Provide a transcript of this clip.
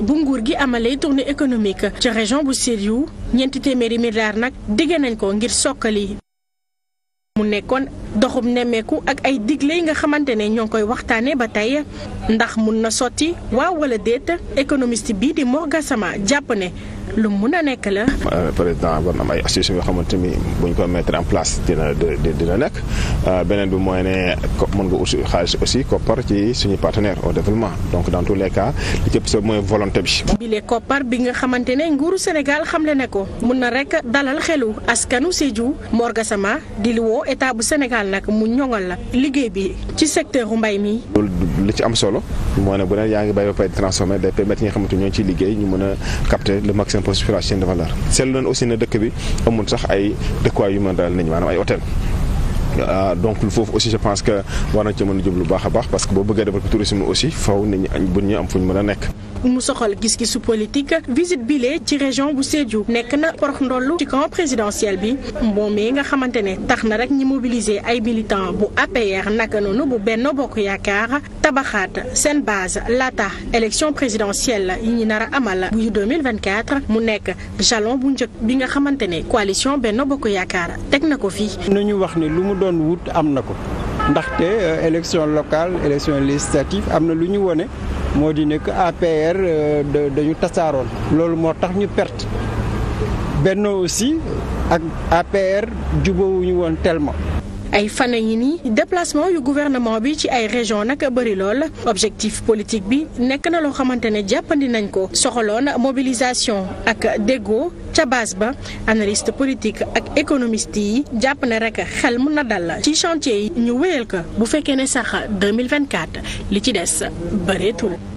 bu nguur gi amalee tournée économique ci région bu Sédhiou ñeenti téeméeri milliards nag digge nañ ko ngir sokkali mu nekkoon doxum nemmeeku ak ay digle yi nga xamante ne ñoo koy waxtaanee ba tey ndax mun na sotti waaw wala déet économiste bii di Mor Gassama jàpp ne lu mun a nekk la. Euh, président war na am ay astuces yoo xamante ni bu ñu ko mettre en place dina dina euh, beneen bi mooy ne mën nga uti xaalis aussi koppar ci suñu partenaire au développement donc dans tous les cas li ci mooy volonté bi. bile koppar bi nga xamante ne nguuru Sénégal xam xamle ne ko mun na rek dalal xelu askanu Sédhiou Mor Gassama di lu bu Sénégal. nag la mu ñoŋal la liggéey bi ci secteur mbay mi. loolu ci am solo moo ne bu ne yaa ngi bay ba pare di transformer day permettre ñi nga xamante liggéey ñu mën a capter le maximum possible la chaîne de valeur seetlu nañ aussi ne dëkk bi amul sax ay dëkkuwaay yu mën daal nañu maanaam ay hôtel ah, donc foofu aussi je pense que war nañ ci mën a jublu bu baax a baax parce que boo bëggee développer tourisme aussi faw nit ñu am fu ñu mën a nekk. mu soxal gis-gisu politique visite bile ci région bu Sédhiou nekk na porox ndollu ci camp présidentiel bi moomee nga xamante ne tax na rek ñi mobiliser ay militants bu APR naka noonu bu benn Bokk Yaakaar tabaxaat seen base laata élection présidentielle yi ñu nar a amal bu 2024 mu nekk jalon bu njëkk bi nga xamante ne coalition Benno Bokk Yaakaar teg na ko fii. ñu wax ni lu mu doon wut am na ko ndaxte euh, élection locale élection législative am na lu ñu wone moo di nekk APR euh, dañu tasaaroon loolu moo tax ñu perte benn aussi ak APR jubawuñu woon tellement. ay fan yi nii déplacement yu gouvernement bi ci ay région nag bëri lool objectif politique bi nekk na loo xamante ne jàppandi nañ ko soxaloon mobilisation ak déggoo ca base ba analyste politique ak économiste yi jàpp ne rek xel mun na dal ci chantier yi ñu wéyal ko bu fekkee ne sax 2024 li ci des bëreetul.